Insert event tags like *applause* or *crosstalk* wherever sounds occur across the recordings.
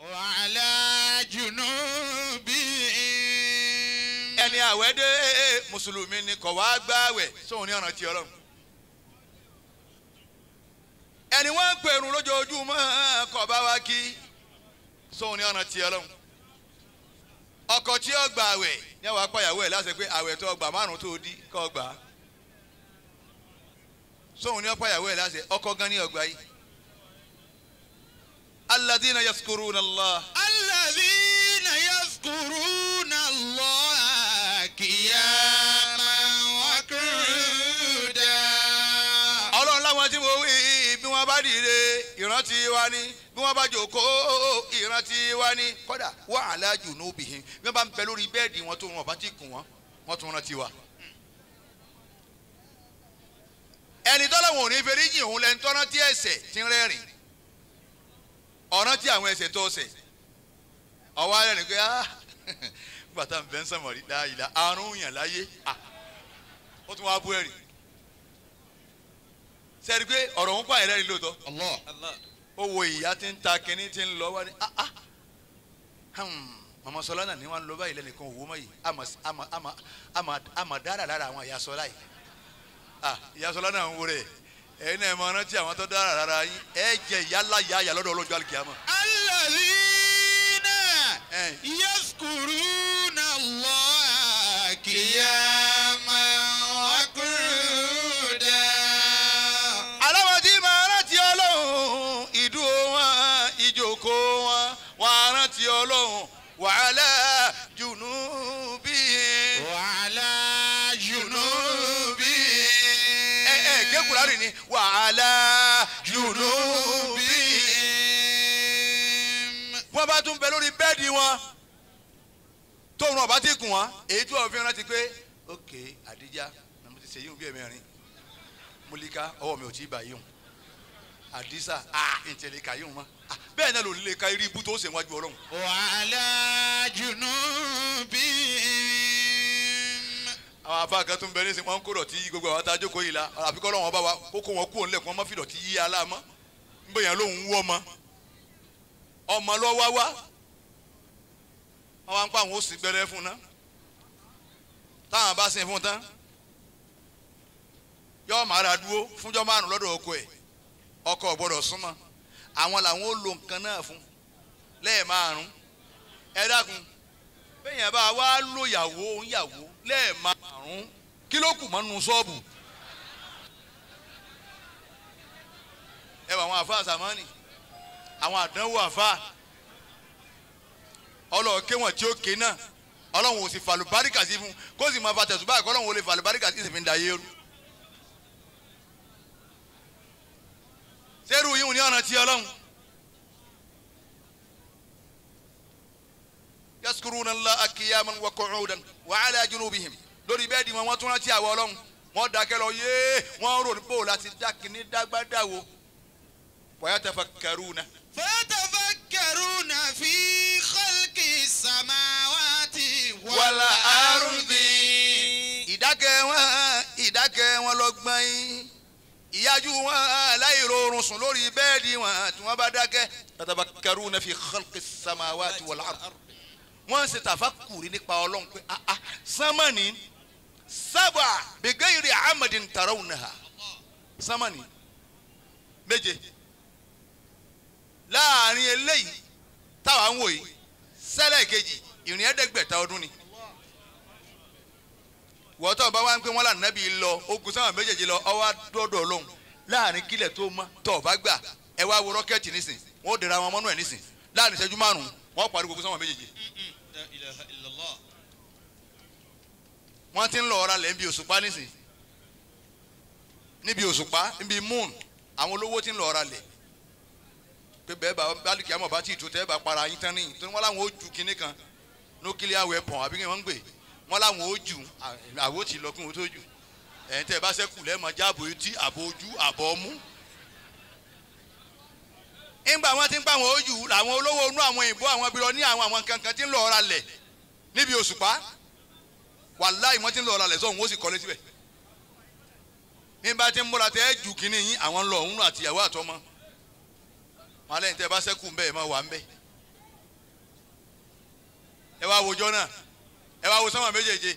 وعلى جنوبهم ẹni àwẹ̀ dé mùsùlùmí ni kò wá gbààwẹ̀ ẹni wọn ń pèrún lójoojúmọ́ bá wa kí sóun ní na tí ọlọ́run ọkọ tí ó gba àwẹ̀ ní àwọn apáyàwó ẹ̀ láti pé tó márùn tó di gbà sóun ní apáyàwó ẹ̀ láti ọkọ gan ní ọgbà yìí. الذين يذكرون الله الذين يذكرون الله قياما وقعودا ọlọ́run láwọn tí mo wí bí wọ́n bá dìde ìrántí wa ni bí wọ́n bá jókòó ìrántí wa ni kódà wà á lájú nóbìhìn bí wọ́n bá ń bẹ lórí bẹ́ẹ̀dì wọn tó rún ọ̀bá tí kùn wọ́n wọ́n tún rántí wa. ẹni tọ́lọ́wọ̀n ò ní fẹ́rí jìn òun lẹ́ni tọ́rántí ẹ̀ṣẹ̀ tí ń rẹ́rìn ọ̀ràn tí àwọn ẹsẹ̀ tó ṣẹ̀ ọwọ́ ayé rẹ̀ pé ah *laughs* bàtà ń bẹ́ ń sàmọ̀ rí láàyè àrùn yàn láyé ah ó tún wá bú ẹ̀rì sẹ́ni pé ọ̀rọ̀ ń pààyàn lẹ́rìí lóòótọ́ ó wo ìyá tí ń ta kínní tí ń lọ wá ní ah ah màmá sọlá náà ni wọn lọ báyìí lẹ́nìkan òwò mọ́ yìí àmà dára lára àwọn ìyá sọlá yìí ah ìyá sọlá náà ń wo rẹ̀ ẹ̀yin náà ẹ máa rántí àwọn tó dára rárá yín ẹ jẹ ìyálà yáyà lọ́dọ̀ ọlọ́jọ́ àlùkìyàmọ́. alladhina yaskuruna Allah kiya. bọ́n bá tún bẹ lórí bẹ́ẹ̀dì wọn tóun náà ti kùn wọn èyí tí wọn fi rántí pé ok àdíjà mo ti ṣe yíyún bí ẹ̀mẹ́rin múlíká ọwọ́ mi ò tí ì bá yíyún àdísà ìtẹ̀lẹ̀ yíyún mọ́ bẹ́ẹ̀ náà ló ka irú ibú tó ṣe wájú ọlọ́run. wàhálà jùnú bí àwọn afa kan tún bẹ ní sin wọn kó dọ̀tí gbogbo àwọn tá a jókòó yìí la àfikọ́ lọ́wọ́n bá wa kókó wọn kú òun lẹ̀kọ́ ọmọ lọ wá wá àwọn apá àwọn ó sì gbẹrẹ fún ná táwọn bá sin fún tán yọọ máa ra dúró fúnjọ márùn lọ́dọ̀ ọkọ ẹ ọkọ gbọ́dọ̀ súnmọ́ àwọn làwọn ó lo nǹkan náà fún lẹ́ẹ̀márùn ẹ dákun bẹ́yìn bá wa lo yàwó yàwó lẹ́ẹ̀márùn kí ló kù mọ́nú ṣọ́ọ̀bù ẹ wà àwọn àfa àsàmọ́nì àwọn àdánwò àfa ọlọ́ọ̀ ké wọn tí ó ké náà ọlọ́run ò sì fàlùbáríkà sí fún kó sì máa fa tẹ̀sùn báyìí kọ́lọ́run ò lè fàlùbáríkà sí ìsìnkú ìdáyé rú. sẹ́rù yìí ní ọ̀nà tí ọlọ́run. yaskuruna Allaha qiyaman wa qu'udan wa ala junubihim lórí bẹ́ẹ̀dì wọn wọ́n tún rántí àwọ̀ ọlọ́run wọ́n dákẹ́ lọ yéé wọ́n rò nípò láti dákìní dágbádáwo wa yatafakkaruna فتفكرون في خلق السماوات والأرض ìdákẹ́ wọn ìdákẹ́ wọn lọ́gbọ́n yín ìyájú wọn aláìrorun sùn lórí bẹ́ẹ̀dì wọn tí wọ́n bá dákẹ́ tatafakkaruna fi khalqi samawati wal ard wọ́n ṣe tàfàkùrì nípa ọlọ́run pé aa ah, ah, sánmọ́ni sábà bigayri amadin tarawnaha sánmọ́ni méje láàrin eléyìí táwa ń wò yìí sẹ́lẹ̀ kejì ìrìn ẹ̀ẹ́dẹ́gbẹ̀ta ọdún ni wọ́tọ̀ bá wá ń pè wọ́n lànà bí lọ ogun sáwọn méjèèjì lọ ọwọ́ dọ́dọ̀ lọ́hùn láàrin kílẹ̀ tó mọ́ tọ̀ bá gbà ẹ wá wo rọ́kẹ́tì nísìn wọ́n ó dèrò àwọn ọmọ náà nísìn láàrin ìṣẹ́jú márùn-ún wọ́n parí ogun sáwọn méjèèjì. wọ́n ti ń lọ ọ̀ra lẹ̀ níbi òṣùpá nísìn níbi òṣùpá níbi moon àwọn olówó ti ń lọ ọ̀ra lẹ̀ pé bẹ́ẹ̀ bá bálùkì àmọ̀ bá ti tó tẹ́ bá para yín tán nìyí torí wọ́n láwọn ó ju kinní kan nuclear weapon àbí kí wọ́n ń gbè wọ́n láwọn ó ju àwo ti lọ kí tó ju ẹ̀yin tẹ́ ẹ bá sẹ́kù lẹ́ẹ̀mọ jáàbò etí àbò ojú àbò ọmú. ńgbà wọn ti ń pa àwọn ojú làwọn olówó inú àwọn òyìnbó àwọn bírọ ní àwọn àwọn kankan ti ń lọ ọ̀ra lẹ̀ níbi òṣùpá wàláì wọn ti ń lọ ọ̀ra lẹ̀ sọ̀hún ó sì kọ́lé síbẹ̀. nígbà tí ń múra tẹ́ ẹ ju kínní yín wọn lẹ́yìn tẹ́ ẹ bá sẹ́kù ń bẹ́ ẹ máa wà ń bẹ́ ẹ wá wòjọ́ náà ẹ wá wo sánmà méjèèje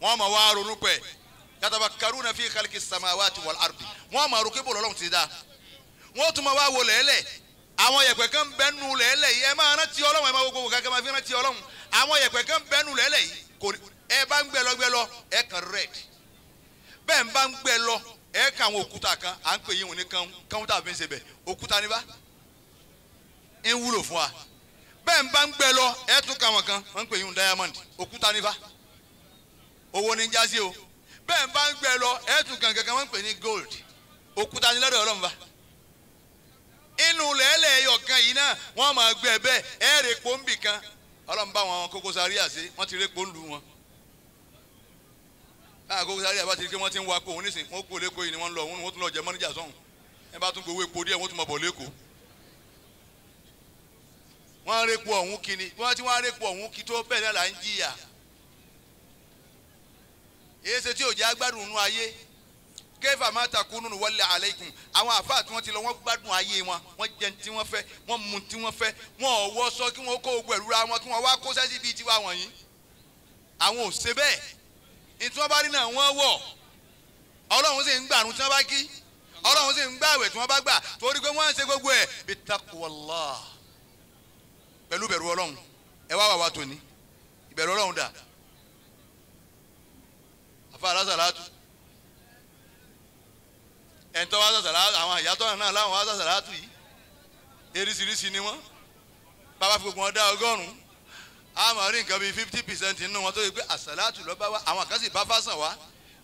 wọn máa wá ronú pẹ́ yatafakkaruna fi khalqi samawati wal ardi wọn máa rúkẹ́ bò lọ́lọ́run ti da wọn tún máa wá wo lẹ́lẹ̀ àwọn yẹ̀pẹ̀ kan bẹ́nu lẹ́lẹ̀ yìí ẹ máa rántí ọlọ́run ẹ máa wo gbogbo kankan máa fi rántí ọlọ́run àwọn yẹ̀pẹ̀ kan bẹ́nu lẹ́lẹ̀ yìí kò ẹ bá ń gbẹ lọ ẹ kàn red bẹ́ẹ̀ ń bá ń gbẹ ẹ kàn àwọn òkúta kan à ń pè yín òní kan kan fi ń ṣe bẹ́ẹ̀ òkúta níbà ń wúlò fún wa bẹ́ẹ̀ ń bá ń gbẹ lọ ẹ̀ tún ka wọn kan wọ́n ń pè yín diamond òkúta níbà owó ní jásí o bẹ́ẹ̀ ń bá ń gbẹ lọ ẹ̀ tún kan kankan wọ́n ń pè ní gold òkúta ní lọ́dọ̀ ọlọ́mùbá inú lẹ́lẹ̀ ẹ̀yọ̀kan yìí náà wọ́n máa gbẹ bẹ́ẹ̀ ẹ̀ rè pọ́ńbì kan ọlọ́mùbá wọn Koko Zaria àṣẹ wọ́n ti rè pọ́ńlù wọn báyà Koko Zaria àbá ti rí pé wọ́n ti ń wakọ̀ òun nísìnyí wọ́n kú olóko yìí ni wọ́n lọ òun ni wọ́n tún lọ jẹ mọ́níjà sọ́hún ẹ bá tún gbowó epo díẹ̀ wọ́n tún máa bọ̀ lẹ́kọ̀ọ́ wọ́n á répo ọ̀hún kini wọ́n ti wọ́n á répo ọ̀hún kí tó bẹ́ẹ̀ náà là ń jìyà èyí ṣe tí òjá gbádùn nú ayé kẹfà máa takú nínú wọlé aleikum àwọn àfáà tí wọ́n ti lọ wọ́n gbádùn ayé wọn wọ́n jẹ tí wọ́n fẹ́ wọ́n mu tí wọ́n fẹ́ wọ́n ọwọ́ sọ kí wọ́n kó ogun ẹ̀rú ra wọn kí wọ́n wá kó sẹ́sì bíi tiwa wọ̀nyí àwọn ò ṣe bẹ́ẹ̀ ìtumọ̀ bá rí náà wọ́n wọ̀ ọlọ́run sì ń gbàrún tí wọ́n bá kí ọlọ́run sì ń gbààwẹ̀ tí wọ́n bá gbà torí pé wọ́n ń ṣe gbogbo ẹ̀ bí takuwọ́lá pẹ̀lú bẹ̀rù ọlọ́run ẹ wá wà wá tòní ìbẹ̀rù ọlọ́run dà àfa alásàlátù ẹ̀ńtọ́ wa sàsàlátù àwọn àyàtọ̀ náà láwọn wa sàsàlátù yìí eríṣiríṣi ni wọ́n bàbá fi gbogbo wọn dá ọgọ́rùn-ún àmọ́ rí nǹkan bíi fifty percent nínú wọn tó yẹ pé àsàlátù lọ́ba wa àwọn kan sì bá fásán wa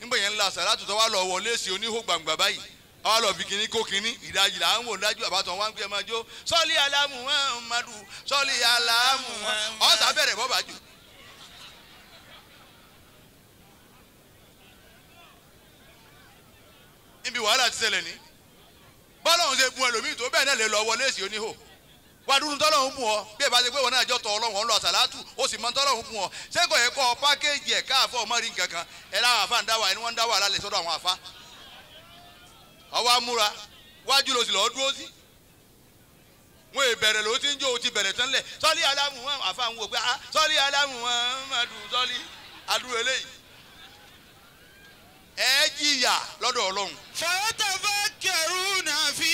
nígbà yẹn ńlá àsàlátù tó wà lọ wọlé oníhó gbàǹgbà báyìí ọlọ bí kìíní kó kìíní ìdajì là ń wò dájú àbátan wá ń gbé ẹ máa jó sọlí aláàmù madu sọlí aláàmù ọ̀sà bẹ̀rẹ̀ bọ́bà jù. níbi wàhálà ti ṣẹlẹ̀ ní bọ́lọ́hún ṣe bu ẹlòmíì tó bẹ́ẹ̀ náà lè lọ wọlé èsì oníhò wà dúdú tọ́lọ́hún bù ọ bí ẹ bá ṣe pé wọn náà jọ tọ ọlọ́hún ọlọ́ àsàlátù ó sì mọ tọ́lọ́hún bù ọ ṣé kò yẹ kọ́ pákéjì ẹ̀ káàfọ́ ọmọ rí nǹkan kan ẹ̀ láwọn àfa ń dá wà ẹni wọ́n ń dá wà lálẹ́ sọ́dọ̀ àwọn àfa ọwọ́ amúra wájú ló sì lọ́ọ́ dúró sí wọn è bẹ̀rẹ̀ ló ti ń jó o ti bẹ̀rẹ̀ tán lẹ̀ sọ́ọ́lì alámù wọn àfàwọn wò pé ah alámù wọn máa dùn sọ́ọ́lì adúrú eléyìí ẹ jìyà lọ́dọ̀ ọlọ́run. fatafakkaruna fi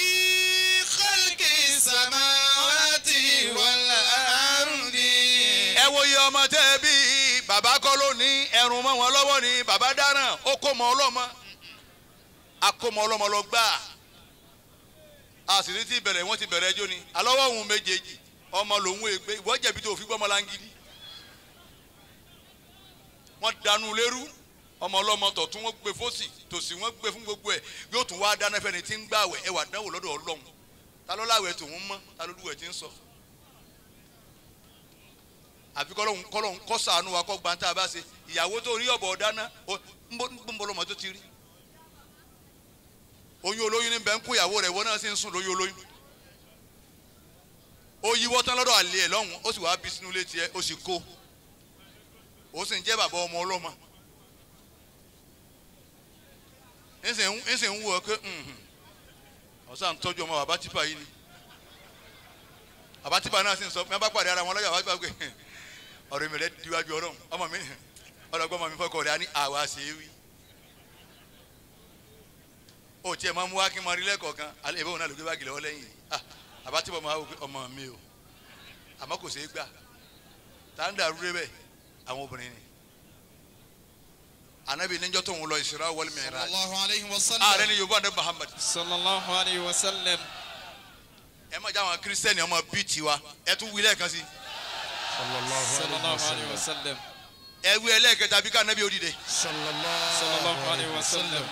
khalqi samawati wal ardi. ẹ wo iye ọmọ tẹ́ bí bàbá kọ́ ló ẹrù mọ́ wọn lọ́wọ́ ni bàbá dáràn ó kó mọ́ ọlọ́mọ akọmọ ọlọmọ lọ gbáà àṣírí ti bẹ̀rẹ̀ wọ́n ti bẹ̀rẹ̀ ẹjọ́ ni alọ́wọ́ òun méjèèjì ọmọ lòun ègbé ìwọ jẹ̀bi tó fi gbọ́mọ langidi wọ́n dànù lérú ọmọ ọlọ́mọ tọ̀tún wọ́n gbé fósì tòsì wọ́n gbé fún gbogbo ẹ̀ yóò tún wá dáná fẹ́ni tí ń gbàwẹ̀ ẹwà dánwò lọ́dọ̀ ọlọ́run ta ló láwẹ̀ mọ́ ta ló ń sọ. àfi kọ́lọ́hún kọ́lọ́hún kọ́sàánú wa kọ́ gbantá a bá ṣe ìyàwó tó rí ọ̀bọ̀ dáná ń bọ́ lọ́mọ tó ti rí oyún olóyún ní bẹ́ẹ̀ ń kún ìyàwó rẹ̀ ìwọ náà sì ń sùn lóyún olóyún ó yíwọ́ tán lọ́dọ̀ àlè ẹ̀ lọ́hùn ó sì wáá bí sínú létí ẹ ó sì kó ó sì ń jẹ́ bàbá ọmọ ọlọ́mọ ń sì ń wú ọ pé ọ̀sán ń tọ́jú ọmọ bàbá tìpá yìí ni bàbá tìpá náà sì ń sọ pé bá pàdé ara wọn lọ́yà bá gbàgbé *laughs* ọ̀rọ̀ mi rẹ̀ díwájú ọlọ́run ọmọ mi ọlọ́gbọ́n mi fọkọ̀ rẹ̀ á ní àwa ṣe é wí o tiẹ̀ máa mú wá kí n máa rí lẹ́kọ̀ọ́ kan ebe òun náà ló gbé báàgì lọ́wọ́ lẹ́yìn ah, àbátìbọ̀ máa wò mi o àmọ́ kò ṣeé gbà tá à ń dàrú rẹ bẹ́ẹ̀ àwọn ni anabi níjọ́ tó ń Isra wal Mi'raj ààrẹ ni yorùbá ní Muhammad. sallallahu alayhi wa sallam. ẹ má jẹ́ àwọn kírísítẹ́nì ọmọ bíi tiwa ẹ tún wílẹ̀ kan sí. sallallahu alayhi wa sallam. ẹ wí ẹlẹ́ẹ̀kẹta bí ká anabi ó dìde. sallallahu alayhi wa sallam.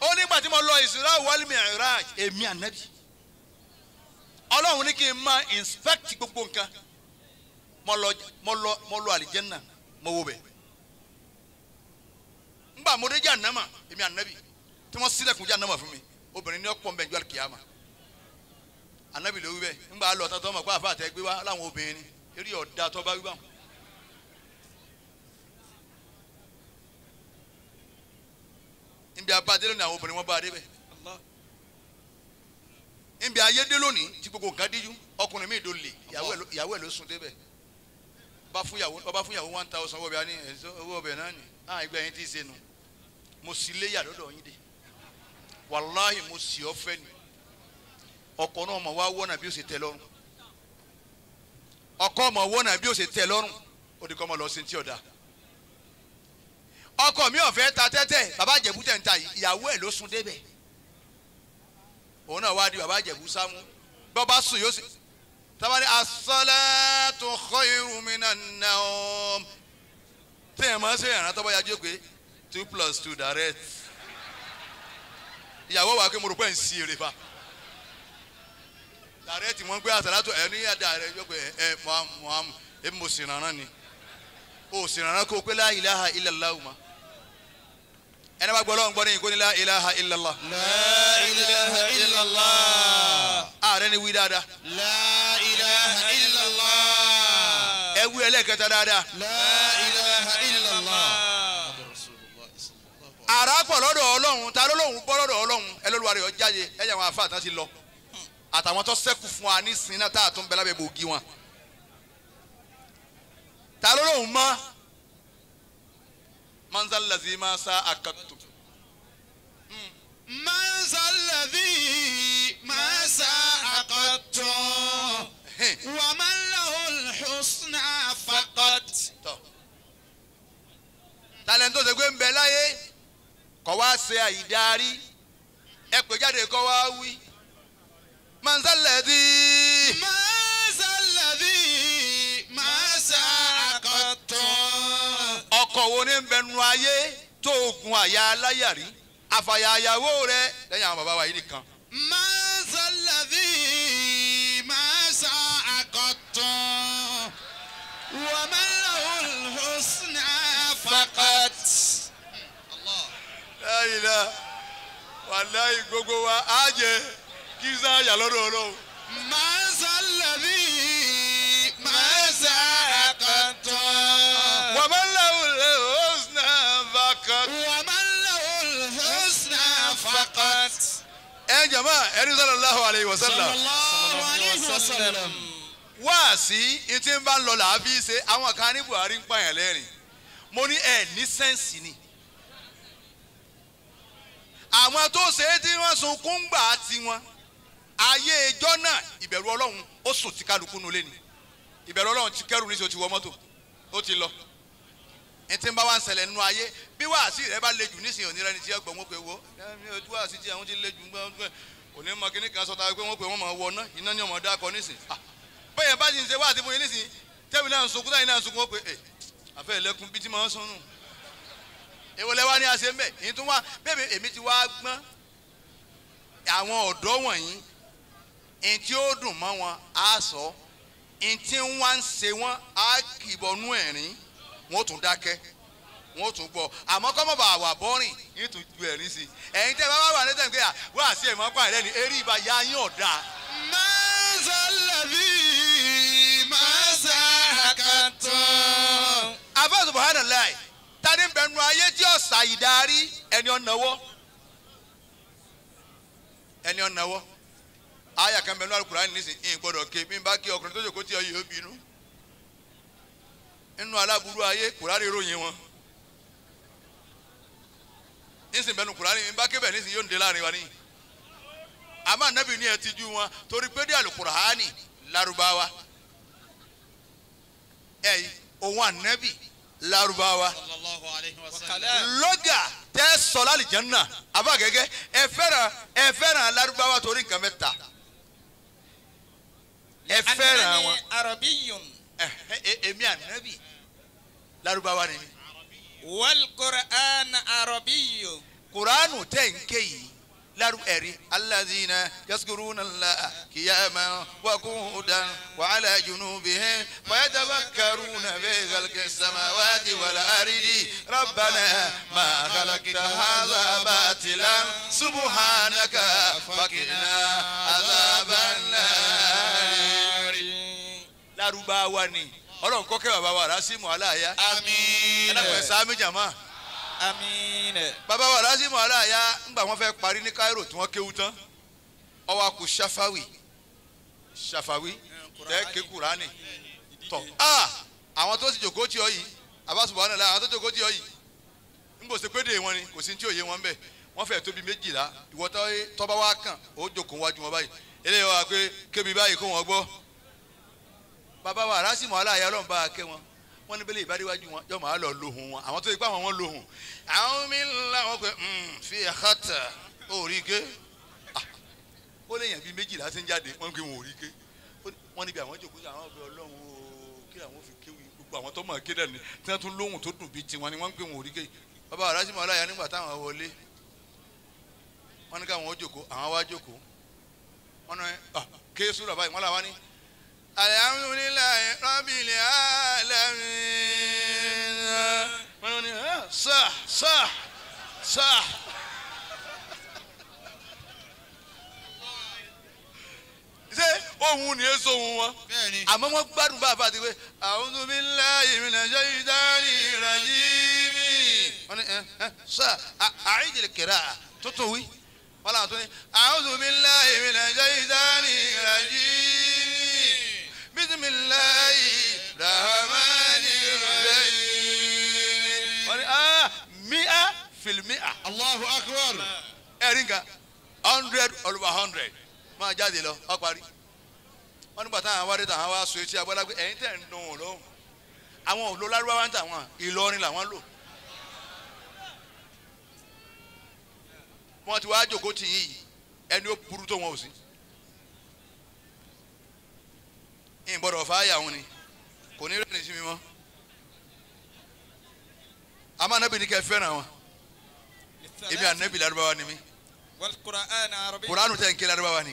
ó nígbà tí mo lọ Isra wal Mi'raj èmi ànábì ọlọ́run ní kí n máa inspect gbogbo nǹkan mo lọ mo lọ mo àlìjẹ́nà mo wo bẹ̀ ngbà mo dé Jahannama èmi ànábì tí wọ́n sílẹ̀kùn Jahannama fún mi obìnrin ní ọ̀pọ̀ mbẹ́njú àlùkìyàmà ànábì ló wí bẹ́ẹ̀ ngbà lọ tọ́tọ́ pé àfa wa láwọn obìnrin eré ọ̀dà níbi abáde lónìí àwọn obìnrin wọn bá a débẹ̀ níbi ayédè lónìí tí gbogbo nǹkan díjú ọkùnrin mi ìdólè ìyàwó ẹ̀ ló sùn débẹ̀ bá fún ìyàwó one thousand owó ọbẹ̀ owó ọbẹ̀ náà ni à ah, ìgbà yẹn ti ṣe nu mo sì léyà lọ́dọ̀ yín dé wàláhì mo sì ọ́ fẹ́ ni ọkọ náà mọ̀ wá wọ́nà bí ó ṣe tẹ́ lọ́rùn ọkọ mọ̀ wọ́nà bí ó ṣe tẹ́ lọ́rùn ó di kọ́ mọ̀ lọ sí ti ọ̀dà ọkọ mi ò ta tẹ́tẹ́ bàbá jẹ̀bú tẹ̀ ń ta ìyàwó ẹ̀ ló sun débẹ̀ òun náà wá di bàbá jẹ̀bú sámú bàbá sùn yóò sì tabali as-salatu khairu minan naum tẹ̀yìn máa ṣe ìrànlọ́tọ́ bá yájú pé two plus two direct ìyàwó wa pé mo rò pé ń si èrè fa direct wọn gbé as-salatu ní yàda rẹ̀ yóò pé ẹ̀ mọ̀ àmọ̀ ẹ̀ mo sì rànán ni o sì kó o pé la ilaha illallah ma ẹni bá gbọ́ Ọlọ́run gbọ́ ní ìkóni la ilaha illallah. la ilaha illallah. ààrẹ ni wí dáadáa. la ilaha illallah. ẹ wí ẹlẹ́kẹta dáadáa. la ilaha illallah. ara pọ̀ lọ́dọ̀ Ọlọ́run ta ló lóun bọ́ lọ́dọ̀ Ọlọ́run ẹlọ́luwa rẹ̀ jáde ẹ̀yà wọn àfa àtàn ti lọ àtàwọn tó sẹ́kù fún wa ní sinna tá a tún bẹ lábẹ́ bòógì wọn ta ló lóun mọ́ manzal ladhi ma sa akattu. Hmm. manzal ladhi ma sa akattu wa man lahul husna faqat. talẹ̀ tó ṣe pé ń bẹ láyé kọ́ wá ṣe àyídárí ẹ pè jáde kọ́ wá wí manzal ladhi. ọkọ̀ wo ní bẹnu ayé tó ogun àyà aláyàrí àfàyàyàwó rẹ lẹ́yìn àwọn bàbá wa yìí nìkan. mọ́sálàdì mọ́sá àkọ́tún wàmẹ́lẹ́hùn hùsùn àfàkọ́t. láyìí la wàláyé gbogbo wa á jẹ kí sáyà lọ́dọ̀ ọlọ́run. mọ́sálàdì mọ́sá. ẹ jama ẹni sallallahu alayhi wa sallam wáàsí etí ń bá ń lọ làáfi ṣe àwọn kan ní Buhari ń pààyàn lẹ́rìn mo ní ẹ ní sẹ́ǹsì ni àwọn tó ṣe é tí wọ́n sunkún gbà tiwọn ayé ẹjọ́ náà ìbẹ̀rù Ọlọ́run ó sùn tí kálukú nulẹ̀ ni ìbẹ̀rù Ọlọ́run ti kẹ́rù ní sọ ti wọ mọ́tò ó ti lọ ẹ ti ń bá wa ń ṣẹlẹ̀ nínú ayé bí wàásì rẹ bá le jù nísìnyí òní rẹ ní tí ẹ gbọ̀n wọn pé wo ojú wàásì tí àwọn ti le jù òní mọ kíní kan sọta pé wọn pé wọn mọ wọ náà iná ní ọmọ dákọ nísìn ah, bẹ́ẹ̀ bá ti ń ṣe wáàtí fún yín nísìn tẹ́bi náà ń sunkún táyì náà ń sunkún ó pé ẹ àfẹ́ bíi ti máa ń sunnù èwo lẹ́wà ni a ṣe ń bẹ̀ èyí tún wá bẹ́ẹ̀ èmi ti wá gbọ́n àwọn ọ̀dọ́ wọ̀nyí ẹni tí ó dùn mọ́ wọn á sọ ẹni tí wọ́n ń ṣe wọ́n á kìbọnú ẹ̀rín wọ́n tún dákẹ́ wọ́n tún gbọ́ àmọ́ kọ́mọ̀ bá wà bọ́rìn yín tún ju ẹ̀rín sí ẹ̀yin tẹ́ bá wà ní tẹ̀ ń gbé yà wọ́n ẹ̀mọ́ pa ẹ̀rẹ́ ni eré ibà yá yín ọ̀dà. mẹ́sàlẹ́bí mẹ́sàkàtàn. abẹ́sù buhari láì tani bẹnu ayé tí ọ̀sà ìdarí ẹni ọ̀nàwọ́ ẹni ọ̀nàwọ́ ayà kan alukura nísìnyí gbọ́dọ̀ ké bí bá ké ọkùnrin tó jòkó tí ọ yóò bínú nínú aláburú ayé kùránì ròyìn wọn nísìnyí bẹnu kùránì mi bá kébẹ̀ nísìnyí yóò ń de láàrin wa níyì àmọ́ ànábì ni ẹ ti ju wọn torí pé dé àlùkùránì lárúbáwá ẹ òun ànábì lárúbáwá lọ́gà tẹ́ sọ lálìjánná abágẹ́gẹ́ ẹ fẹ́ràn ẹ fẹ́ràn lárúbáwá torí nǹkan mẹ́ta ẹ fẹ́ràn wọn. اميان نبي لاروباوا والقران عربي قران تنكي لارو اري الذين يذكرون الله قياما وقعودا وعلى جنوبهم ويتذكرون في خلق السماوات والارض ربنا ما خلقت هذا باطلا سبحانك فقنا عذاب النار lárúbáwá ni ọlọ́run kọ́kẹ́ wa rásìmù aláàyá. àmín. ẹnìkan ẹ̀sán mi jàmá. àmín. wa rásìmù aláàyá ńgbà wọn fẹ́ parí ní Cairo tí wọn kéwu tán ọwọ́ akú ṣàfàwì ṣàfàwì tẹ́ ké kúránì a àwọn tó ti jòkó tí ọ yìí abasubuwa n'ala la àwọn tó jòkó tí ọ yìí ń bò ṣe wọn ni kò sí ní tí òye wọn bẹ́ẹ̀ wọ́n fẹ́ẹ̀ tóbi méjìlá kàn ó jòkó wájú wọn báyìí eléyàwó kébi báyìí kó wọn bàbá wa arásìmọ̀ aláya ọlọ́run bá a kẹ́ wọn wọ́n ní bẹ́lẹ̀ ìbádéwájú wọn yọ màá lọ lóhùn wọn àwọn tó yẹ pé àwọn wọn lóhùn àwọn mi ńlá wọn pé hmm, fi àkàtà òrí ké ah, ó lè yàn bí méjìlá ti ń jáde wọ́n ń gbé wọn òrí ké wọ́n níbi àwọn jòkó àwọn ọ̀gbẹ́ ọlọ́run o kí àwọn fi kéwì gbogbo àwọn tó mọ̀ ké dẹ̀ ni tí wọ́n tún lóhùn tó dùn bíi tiwọn ni wọ́n gbé wọn òrí ké bàbá arásìmọ̀ aláya nígbà táwọn wọlé wọ́n ní alhamdulilayi rabili alamin wọn ni sah sah sah. ṣé ohun ni èso ohun wọn. àmọ́ wọ́n gbádùn bá a bá ti pé. a'udhu billahi minash shaytanir rajim. wọ́n ní sá àìjìlẹ̀ kẹrẹ́ à tuntun wí. làwọn tó ní a'udhu billahi minash shaytanir بسم الله rahim. wọ́n ní aa ah, mi'a filimia. Allahu akbar. ẹ̀rí nǹkan 100 olùwà hundred máa jáde lọ ọ parí wọ́n nígbà táwọn awárí táwọn awá so etí agbọ́dá pé ẹ̀yin tẹ̀ ń dùn ún lóhùn àwọn òlò lárúbáwá ń tà wọn Ìlọrin làwọn lò. wọ́n ti wá jókòó tì yìí ẹni ó burú tó wọn ò sí. ìgbọ́dọ̀ fàáyà òun ni kò ní rẹ́ni sí mi mọ́ àmọ́ anábì ní kẹ́ fẹ́ràn wọn èmi anábì lárúbáwá ni mi kuranu tẹ̀ ń ké lárúbáwá ni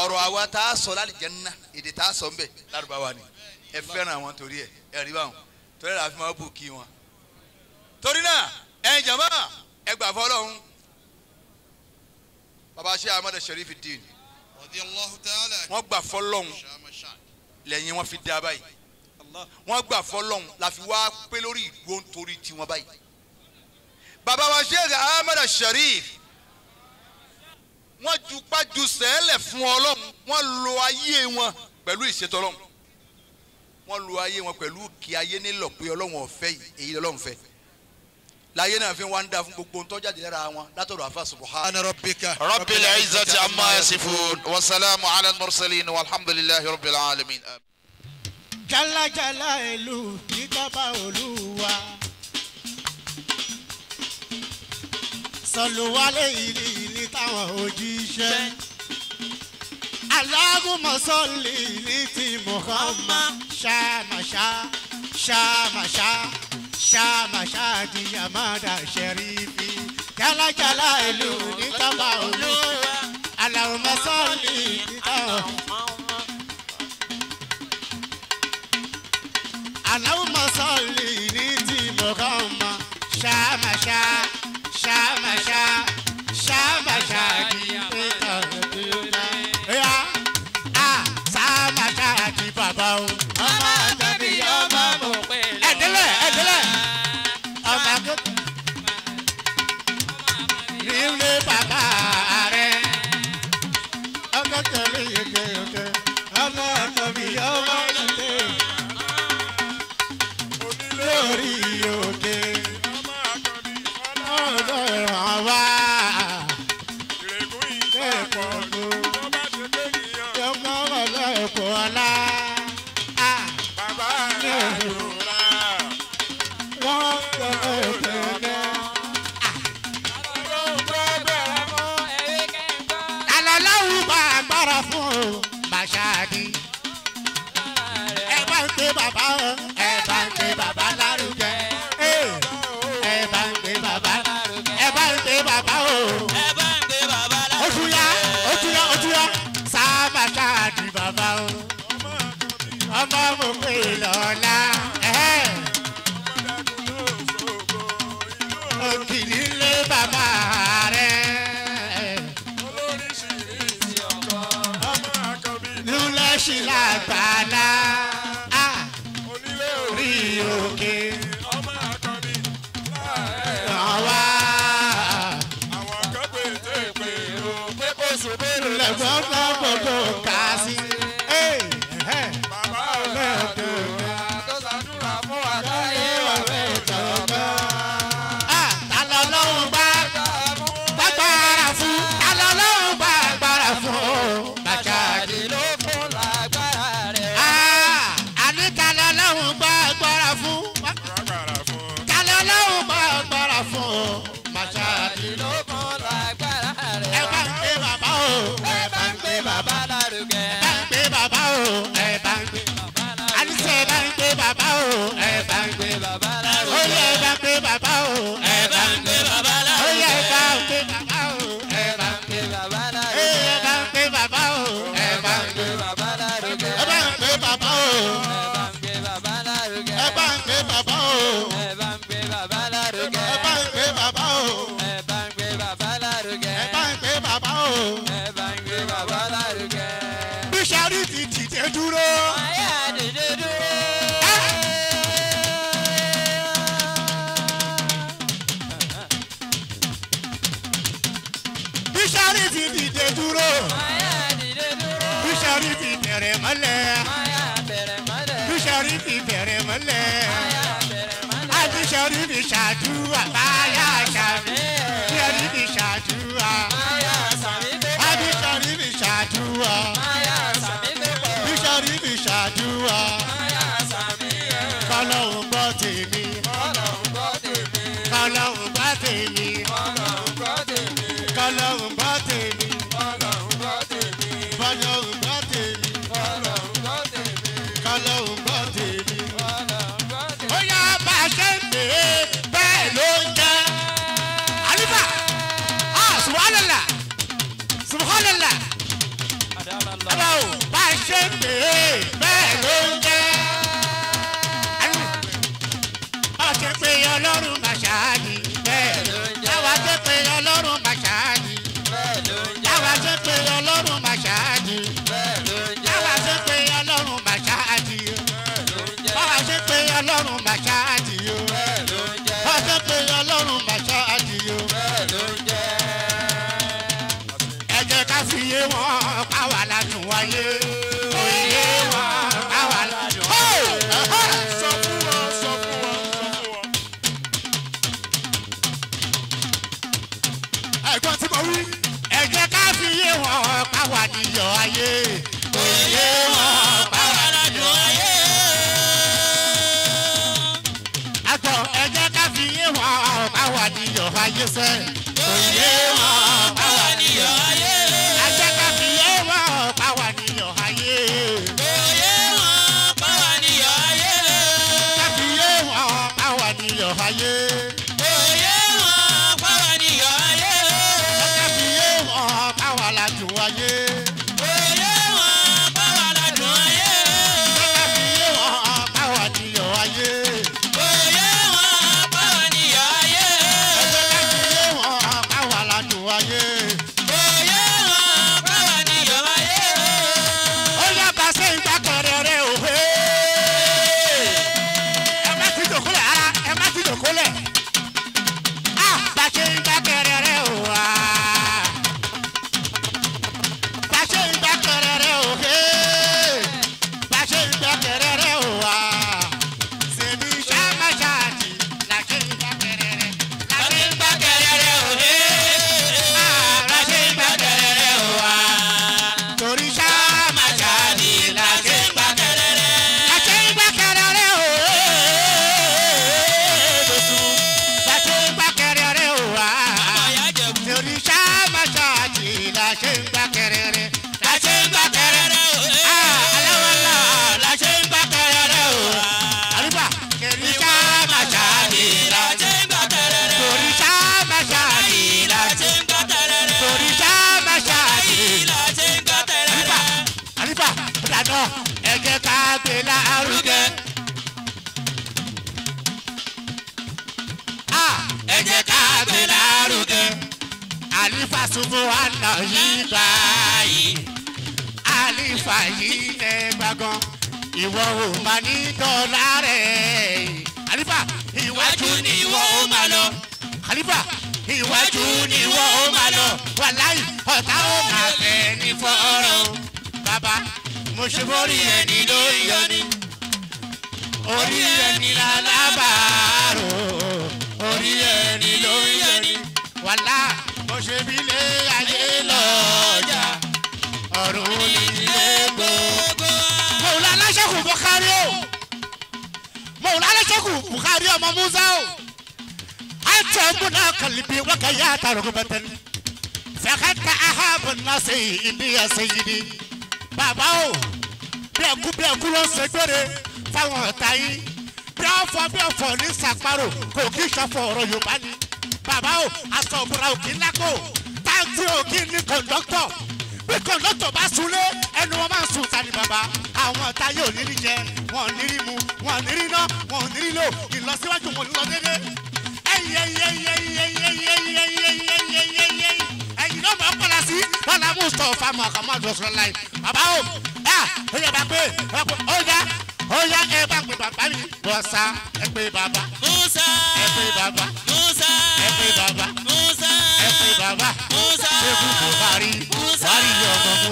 ọ̀rọ̀ àwa tá a sọ lálìjẹ́nà èdè tá a sọ ńbẹ lárúbáwá ni ẹ fẹ́ràn wọn torí ẹ ẹ rí báwọn torí ẹ láfi máa bù kí wọn torí náà ẹ jàmbá ẹ gbà fọlọ́hún baba ṣe amadu sheriff dín wọ́n gbà fọlọ́hún lẹ́yìn wọn fi dá báyìí wọ́n gbà fọlọ́hún la fi wá pé lórí ìdúró nítorí tiwọn báyìí. bàbá wa Sheikh Ahmed Sharif wọ́n jupá ju sẹ́ẹ̀lẹ̀ fún ọlọ́run wọ́n lo ayé wọn pẹ̀lú ìṣètò ọlọ́run wọ́n lo ayé wọn pẹ̀lú kí ayé nílò pé ọlọ́run ọ̀fẹ́ yìí èyí ọlọ́run fẹ́ láyé náà fi wá ń da fún gbogbo ntọ́jáde lára wọn látọ̀rọ̀ àfa subhana. rabbika rabbil izzati amma yasifun wasalaamu ala mursalin walhamdulilayi rabbil alamin. jalajala ìlú ìjọba olúwa sọlùwálé ìlú ìlú táwọn òjíṣẹ́ alágùnmọ̀ sọ́ọ̀lì ìlú ti muhammad ṣàmàṣà ṣàmàṣà ṣáàmà ṣáàdì àmàdà ṣẹ̀rífì jálájálá ìlú ní kápá olóòwà Allahumma salli níta. Allahumma salli ní ti mọ̀kànmá ṣáàmà ṣá ṣáàmà ṣá ṣáàmà ṣáàdì. fíṣàrí ti dìde dúró fíṣàrí ti bẹ̀rẹ̀ mọ́lẹ̀ fíṣàrí ti bẹ̀rẹ̀ mọ́lẹ̀ àfíṣàrí ti ṣàdúrà báyìí. bàbá ńlá sẹ́yìn ilé ẹsẹ̀ yìí ni bàbá o bíẹ̀kú bíẹ̀kú ló ń ṣe gbére fáwọn ọ̀tá yìí bí wọ́n fọ bí ọ̀fọ̀ ní sàparò kò kí ìṣọ̀fọ̀ ọ̀rọ̀ Yorùbá ni bàbá o aṣọ òbúra òkè lákò táǹkì òkè ní kọ̀ńdọ́tọ̀ bí kọ̀ńdọ́tọ̀ bá súnlé ẹnu wọn máa sùn tani bàbá àwọn ọ̀tá yóò nírí jẹ wọn ò nírí mu wọn ò nírí ná wọn ò nírí lò ìlọsíwájú wọn ò ní lọ déédéé ẹ̀yẹ yìí lọ́la mustapha muhammadu sallallahu bàbá o ẹ ó yẹ bá pé ó yá ó yá ẹ bá pé bàbá mi bọ́sà ẹ pé bàbá musa ẹ pé bàbá musa ẹ pé bàbá musa ẹ pé bàbá musa ṣé kúkú bá rí wàá rí ọmọ mi.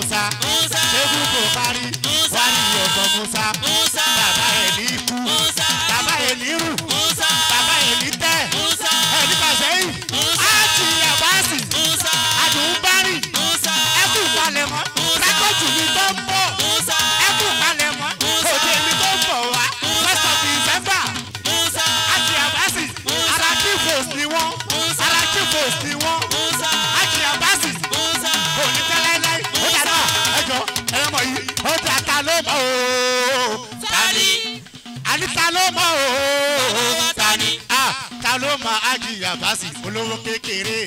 o. ta ni ah. Ah, ta ló máa ájì àbáṣì olówó kékeré.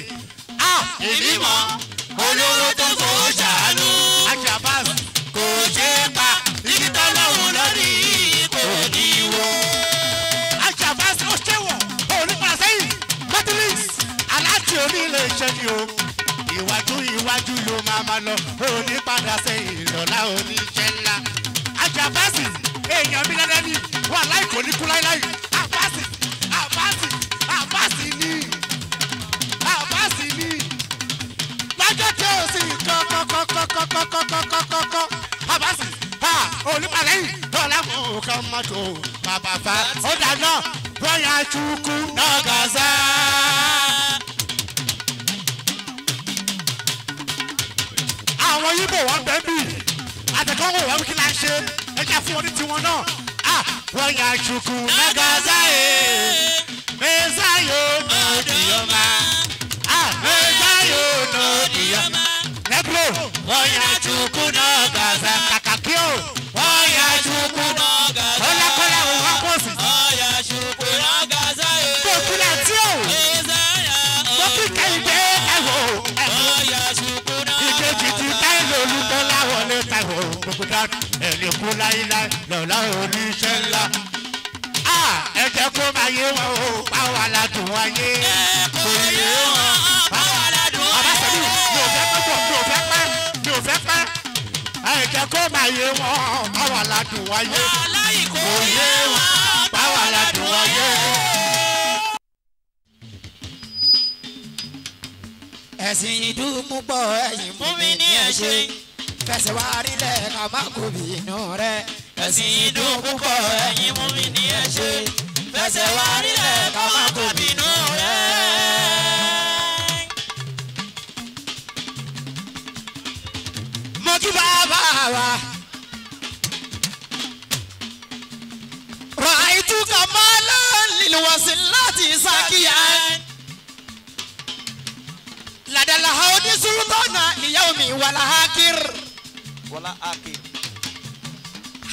Ah, èmi mọ̀ olówó tó fowó ṣàánú. ájì àbáṣì kò ṣeé pa ìkítọ́ lọ́wọ́ lórí kò ní wo. ájì àbáṣì ó ṣèwọ̀ onípa sẹ́yìn catholic aláàtì onílé iṣẹ́ ni o. iwájú iwájú ló máa ma lọ onípadà sẹ́yìn lọ́la oníṣẹ́ ńlá. ájì àbáṣì èèyàn mi lẹ́lẹ́ ni wà láì kò ní kú láíláí àbáàsì àbáàsì àbáàsì ni àbáàsì ni lọ́jọ́ tí o sì kọ́ kọ́ kọ́ kọ́ kọ́ kọ́ kọ́ kọ́ kọ́ kọ́ ha olùpàlẹ́yìn ọ̀làmù kan má tó bàbà fà ó dáná bóyá chukwu náà gàzá. àwọn yíbò wọn bẹ́ẹ̀ bíi àtẹ̀kọ́ wò wọ́n kí la ṣe ẹ jẹ́ fún wọn ní tiwọn náà wọ́n yà ṣùkú nàgàzà yìí mẹ́sà yóò nà dìyọ́mà mẹ́sà yóò nà dìyọ́mà lẹ́bùrọ̀ wọ́n yà ṣùkú nàgàzà kàkàkí o. lè kú láíláí lọ́la oníṣẹ́ ńlá. ẹ jẹ́ kó máa yé wọn o báwa la dùn wáyé. kò yé wọn báwa la dùn wáyé. ọba sẹ́yìn mi ò fẹ́ pẹ́ mi ò fẹ́ pẹ́ mi ò fẹ́ pẹ́. ẹ kó máa yé wọn báwa la dùn wáyé. kò yé wọn báwa la dùn wáyé. ẹ̀sìn ìdúmú pọ̀ ẹ̀yìn mú mi ní ẹ̀ṣẹ̀ fẹsẹ̀ wá rílẹ̀ ká má kó bínú rẹ̀. ẹ̀sìn inú púpọ̀ ẹ̀yin mú mi ní ẹ ṣe fẹsẹ̀ wá rílẹ̀ ká má kó bínú rẹ̀. mo kí bàbá wa. ràìtú kàmáàlà lílùwọ̀sí láti ṣàkíyà. لدى الهود سلطانا ليوم ولا هاكر Bọ́lá Ake.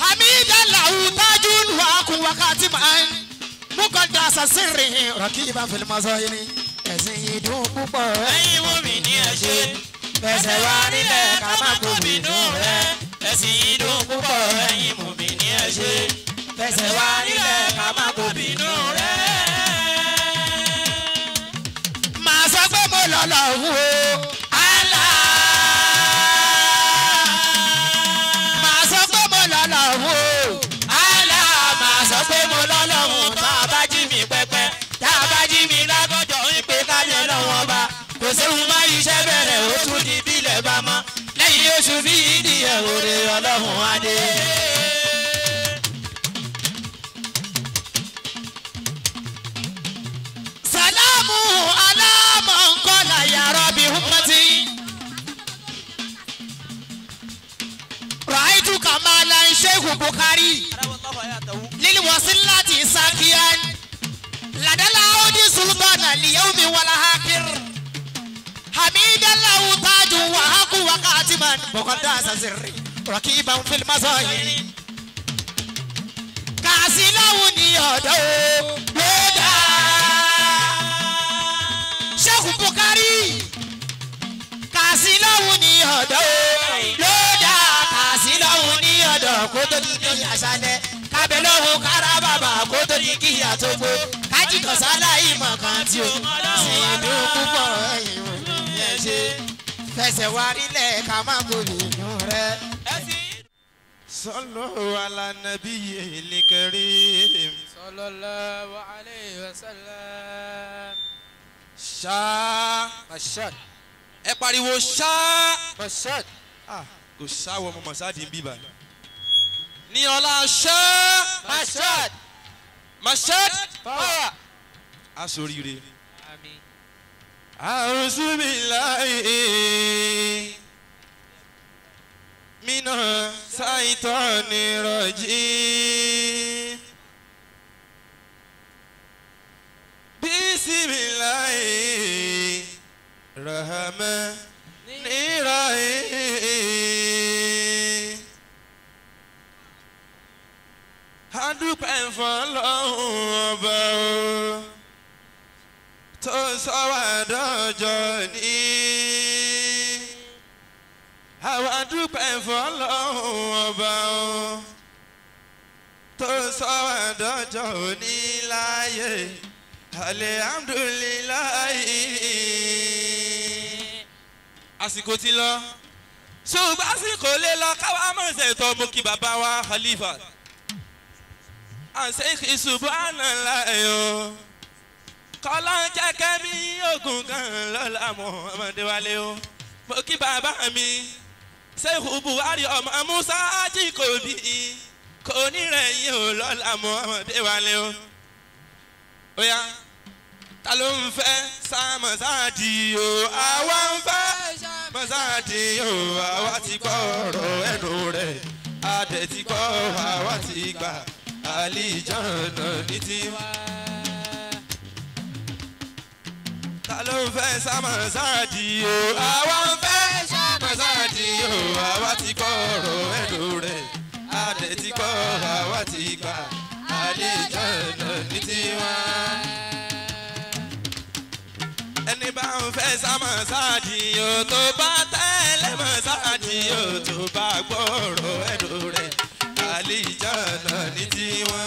Hamida Lahu Tajun wa kun wakati man mukọ̀dà sàṣìrì rọ̀kìbà fìlímọ́sọ yìí ni ẹ̀sìn yìí dùn púpọ̀. Ẹyin wo mi ní ẹ̀ṣẹ̀? Bẹ̀sẹ̀ wá nílẹ̀ ká má kó mi nù rẹ̀. Ẹ̀sìn yìí dùn púpọ̀ ẹyin mú mi ní ẹ̀ṣẹ̀. Bẹ̀sẹ̀ wá nílẹ̀ ká má kó mi nù rẹ̀. Màá sọ pé mo lọ lọ́hùn o. oṣù bí ìdíyẹ òde ọlọ́run adé. sàlámù aláàmọ̀ nkọ́lá yàrá bíi húmọ́tì. ràìtù kàmáàlà ṣéhù bukari lílì wọ́sílá ti sàkíyàn làdálà ó di sultan àlìyẹ́wò mi wàlá hákìrì. حميد له تاج وهاك وقاتما مقدس سري ركيبا في المزايا كأس لوني يدو بدا شيخ بكاري كأس لوني يدو بدا كأس لوني يدو كتري كي أشانه كابلوه كرابابا كتري كي أتوكو كاجي كسالا إيمان كانتيو سيدو كبار ṣe. fẹsẹ̀ wa nílẹ̀ ká má gbòòlù inú rẹ. sọlọ ala nabi yeli karim. sallallahu alayhi wa sallam. ṣáá. mashad. ẹ pariwo ṣáá. mashad. Ah, kò ṣáwọ ọmọ masadi ń bíbá. ní ọlá ṣáá. mashad. mashad. fáwọn. aṣọ rire. أعوذ بالله من الشيطان الرجيم بسم الله الرحمن الرحيم adúpẹ́ fọlọ́hún ọba o sọ̀rọ̀ àdọ́jọ́ ní. àwa dúpẹ́ fọlọ́hún ọba o tó sọ̀rọ̀ àdọ́jọ́ ní láàyè alihamdulilayi. àsìkò ti lọ ṣùgbọ́n àsìkò lè lọ káwa mọ̀ ṣètò mú kí bàbá wa khalifa àṣẹ ìṣubú àná láàyò kọ́lọ́njẹ́ kẹ́mi ogun kan lọ́la Muhammad Wálé o mo kí bàbá mi Ṣéhù Buhari ọmọ Musa jí kò bí kò ní rẹ̀ yìí o lọ́la Muhammad Wálé o. ó yá ta ló ń fẹ́ sá mọ̀sáàdì o àwa ń fẹ́ mọ̀sáàdì o àwa ti gbọ́ ọ̀rọ̀ ẹnu rẹ̀ adẹ̀ ti àwa ti gbà àlìjọ́nà ní tiwa. ta ló ń fẹ́ sámọ̀ sáàdì o àwa ń fẹ́ sámọ̀ sáàdì o àwa ti kọ́ ọ̀rọ̀ ẹ̀dùn rẹ̀ adé ti kọ́ àwa ti gbà adé ìjọ́nà ní tiwa. ẹni bá ń fẹ́ sámọ̀ o tó bá tẹ́lẹ̀ mọ̀ o tó bá gbọ́ ọ̀rọ̀ ẹ̀dùn rẹ̀ adé ìjọ́nà ní tiwa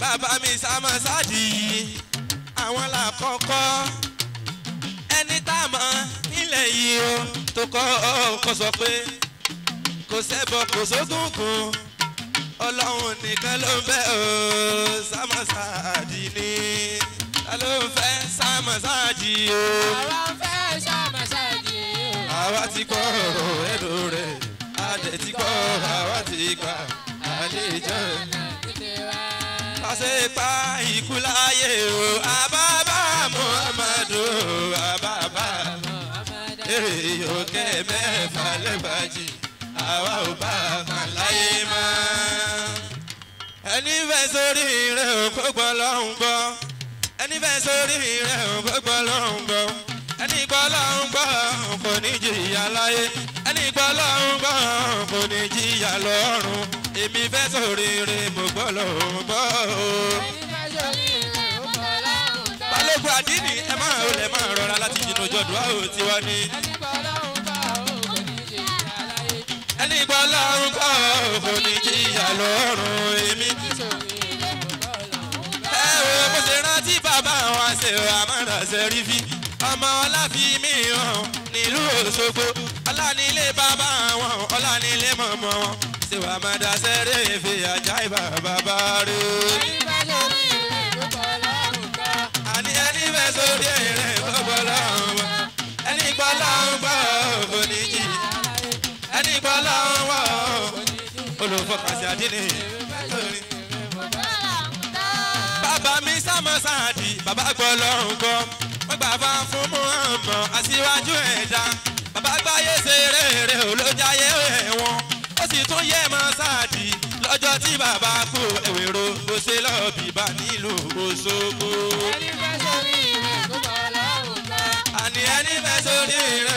bàbá mi sá mọ́ sáàdì àwọn làkọ́kọ́ ẹni tá a mọ̀ nílẹ̀ yìí o tó kọ́ ọkọ sọ pé kò sẹ́bọ kò sógun kun ọlọ́run nìkan ló ń bẹ o sámọ̀ ni ta ló ń fẹ́ sámọ̀ o. àwa ń fẹ́ sámọ̀ o. àwa ti kọ́ ẹ̀dùn rẹ̀ àdẹ̀ ti kọ́ àwa ti gbà àlejò náà tètè wá ṣe pa ikú láyé o ababa, muhammadu àbábá èrè òkè mẹ́fà lẹ́gbàjì àwa ò bá kan láyé mọ́. ẹni bẹ́ẹ̀ sórí rẹ̀ ò gbọ́gbọ́ lọ́hùn gbọ́ ẹni bẹ́ẹ̀ sórí rẹ̀ ò gbọ́gbọ́ lọ́hùn gbọ́ ẹni gbọ́ lọ́hùn gbọ́ kò ní jìyà láyé ẹni gbọ́ lọ́hùn gbọ́ kò ní jìyà lọ́rùn èmi fẹ́ sòrèrè mo gbọ́ lòun gbọ́ o. balógun àdínì ẹ máa olè máa rọra láti jìnnà jọ̀dún àwọn tiwọn ni. ẹni gbọ́ lọ́run kọ́ kò ní jìyà lọ́rùn èmi. ẹ wo bó ṣe rántí bàbá wa ṣe àmọ́ràn ṣe rí fi ọmọ ọláfi mi hàn nílùú Òṣogbo ọlá nílé bá bàbá wọn ọlá nílé mọ̀mọ́ wọn ṣé wàá máa dá sẹ́rẹ̀ èfè ajá ìbá bàbá rẹ̀. àní ẹni bẹ sórí ẹ̀rẹ̀ gbọ́gbọ́ lọ́wọ́ ẹni gbọ́ lọ́wọ́ gbọ́ òfòníjì ẹni gbọ́ lọ́wọ́ wọ́ olùfọkànsí àdínì. bàbá mi sámọ sáàdì bàbá gbọ́ lọ́wọ́ gbọ́ wọ́n gbà bá fún Muhammad aṣíwájú ẹ̀dá bàbá gbáyé ṣe rere olójáyé ẹ̀wọ̀n ó sì tún yẹ mọ́ sáàdì lọ́jọ́ tí bàbá kú ewèrò bó ṣe lọ́ọ́ bìbá nílùú Òṣogbo. ẹni fẹ́ sórí rẹ̀ tó bọ̀ lọ́wọ́ gbọ́. àní ẹni fẹ́ sórí rẹ̀.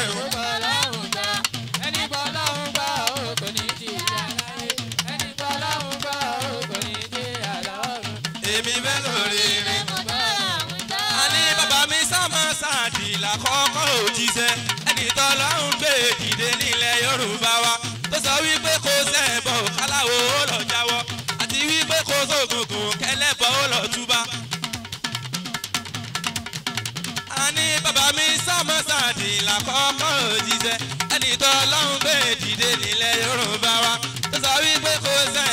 mi sọ́mọ́sàdì làkọ́kọ́ òjíṣẹ́ ẹni tó lọ́hùn bẹ́ẹ̀ dìde nílẹ̀ Yorùbá wa tó sọ wípé kò sẹ́yìn.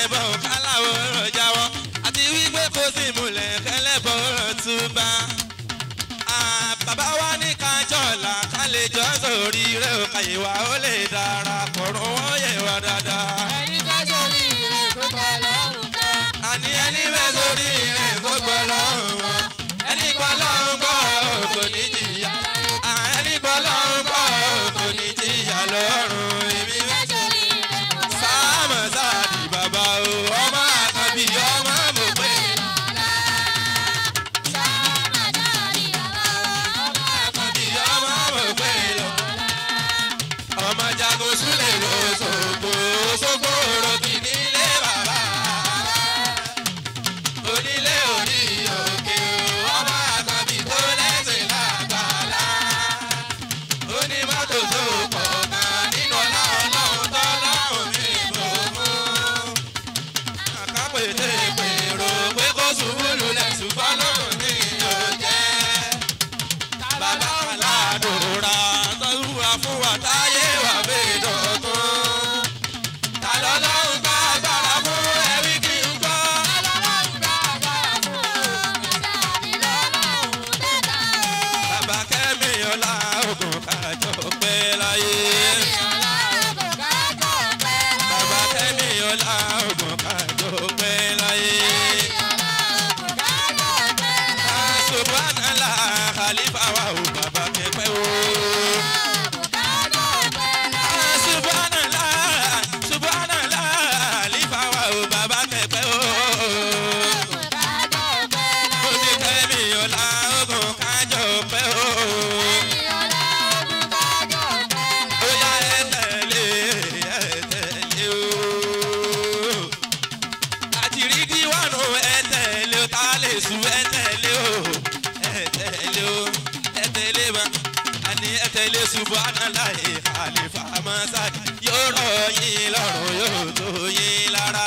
mọ́ àní ẹ̀tẹ̀lé subhanallahi àlè fàmọ́sáàdì yóò rọ̀ yín lọ́rùn yóò tó yín lára.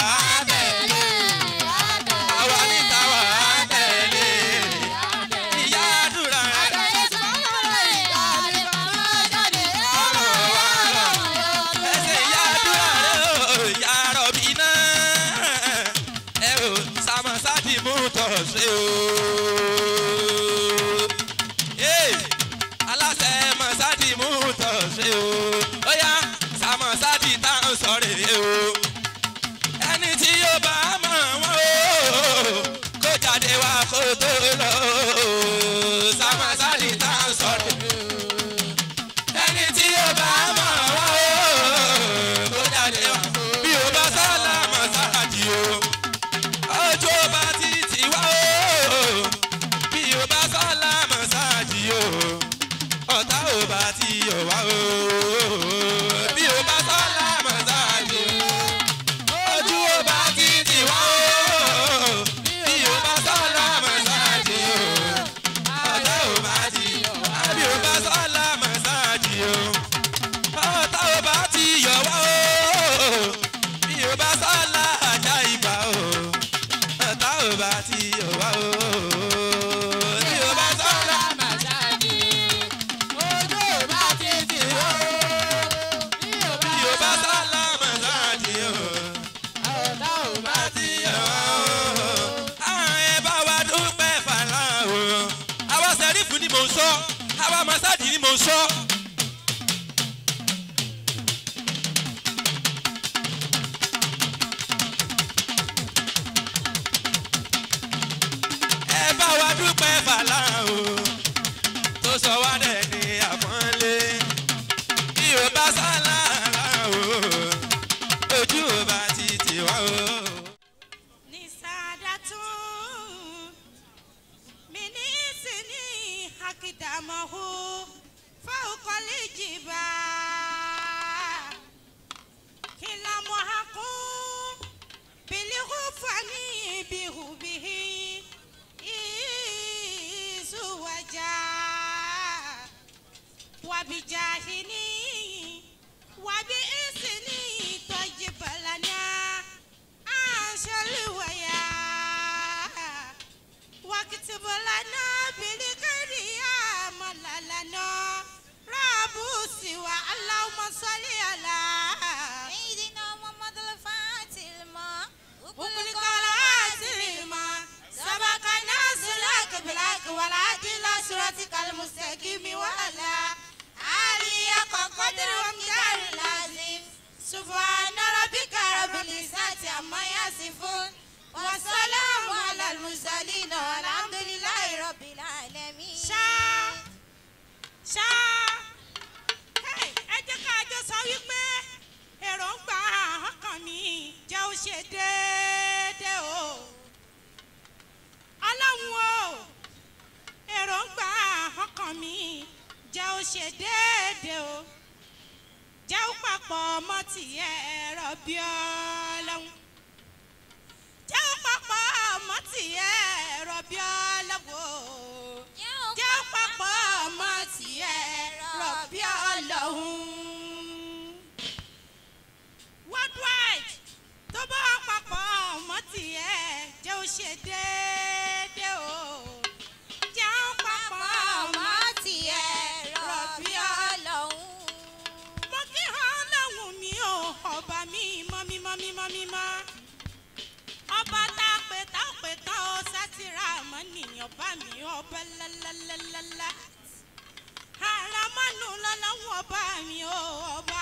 ọba mi o ọba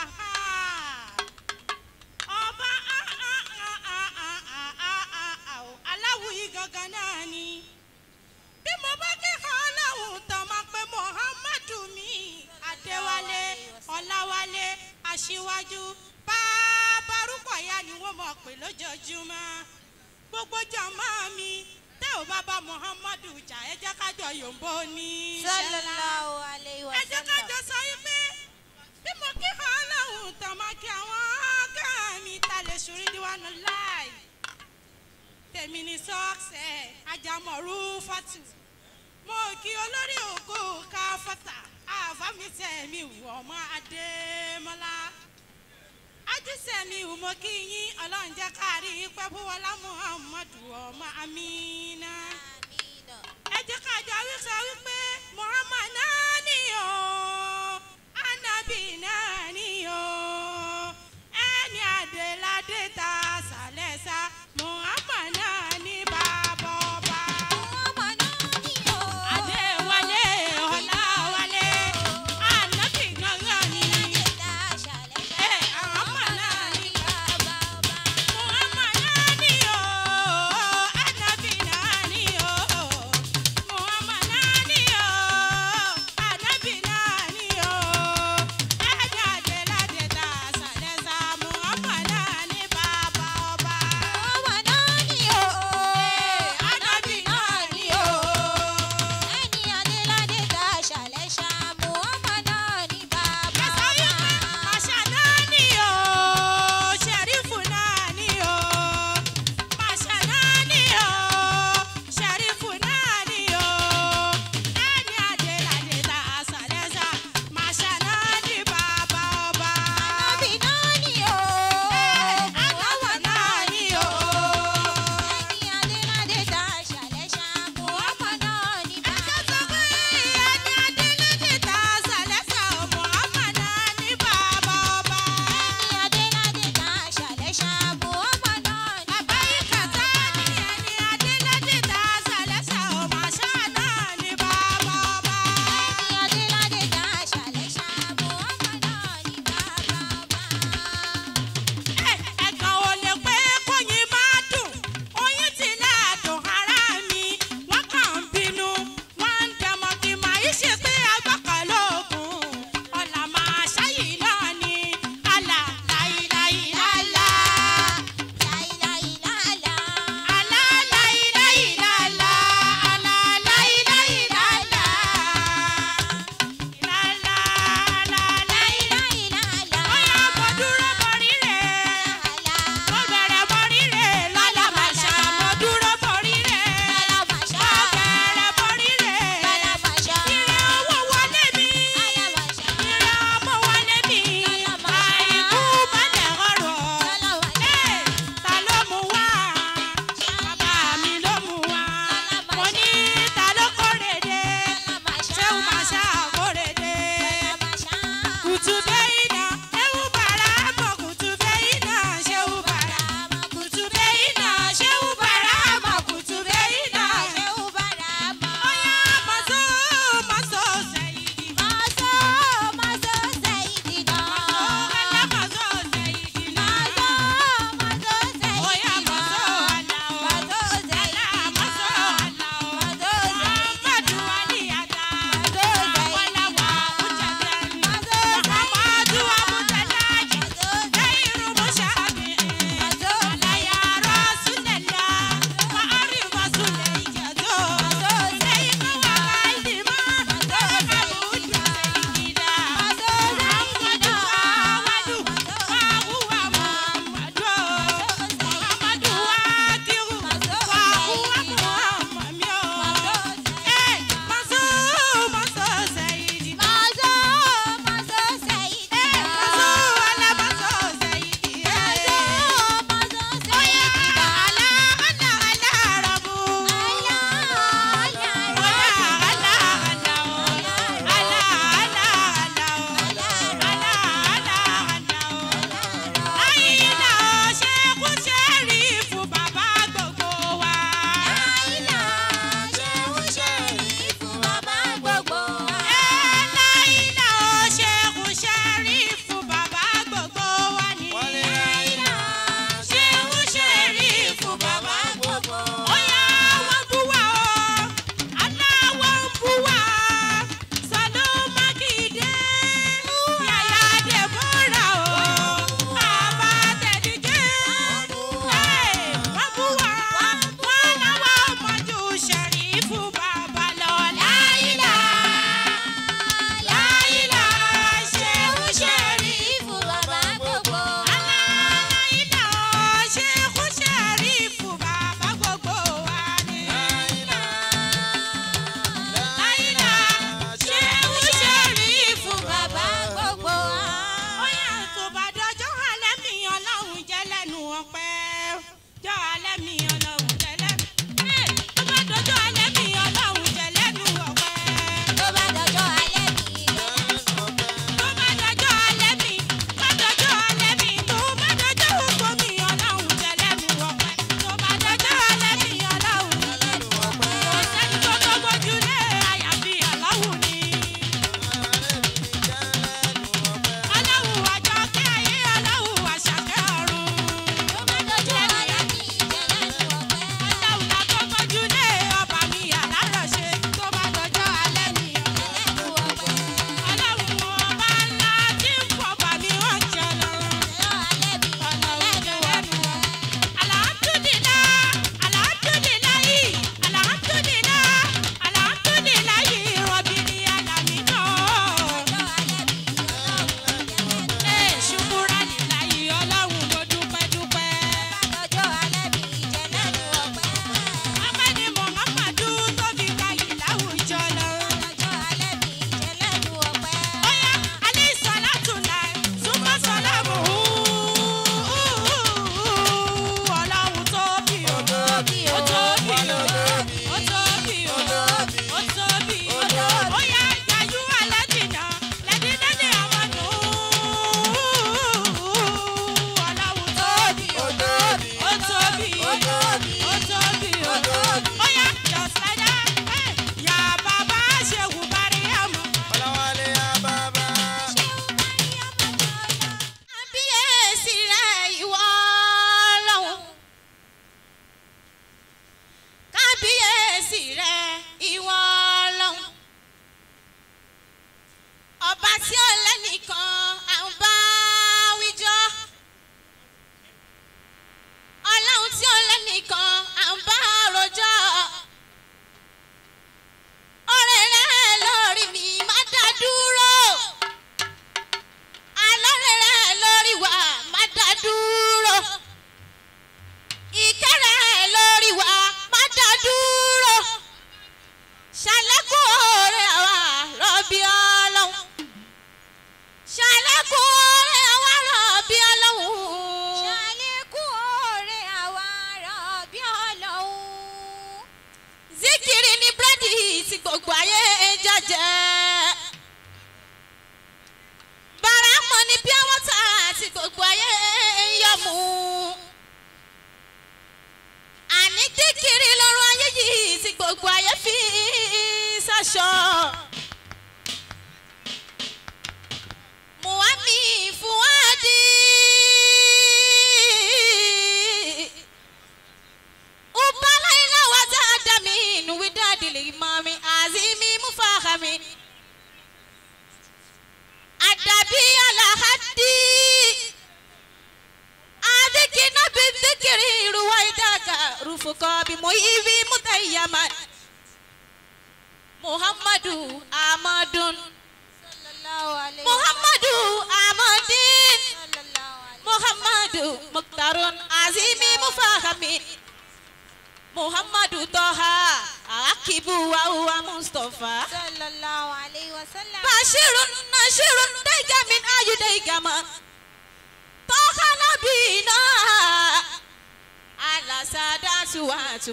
ọba aláwùyí gangan náà ni bí mo bá kẹ́kọ̀ọ́ aláwùn tán máa pe Muhammadu mi Adéwálé Ọláwálé Aṣíwájú bá barúkọ ya ni wọ́n mọ̀ pé lójoojúmọ́ gbogbo jàmá mi tẹ́ ò bá bá Muhammadu jà ẹ jẹ́ ká yòǹbó ní. sallallahu alaihi wasallam sọ ife tèmi ni sọ́ọ̀sẹ̀ ajamọ̀rú fatu mo kí olórí ògo ká fata àfàmìtẹ̀ mi wù ọmọ adémọ́lá ajísẹ̀ mi wù mo kí yín ọlọ́njẹ́ kárí pẹ́búwọlá muhammadu ọmọ amina ẹ jẹ́ ká jọ wí sọ wípé muhammadu náà nìyọ̀. be now.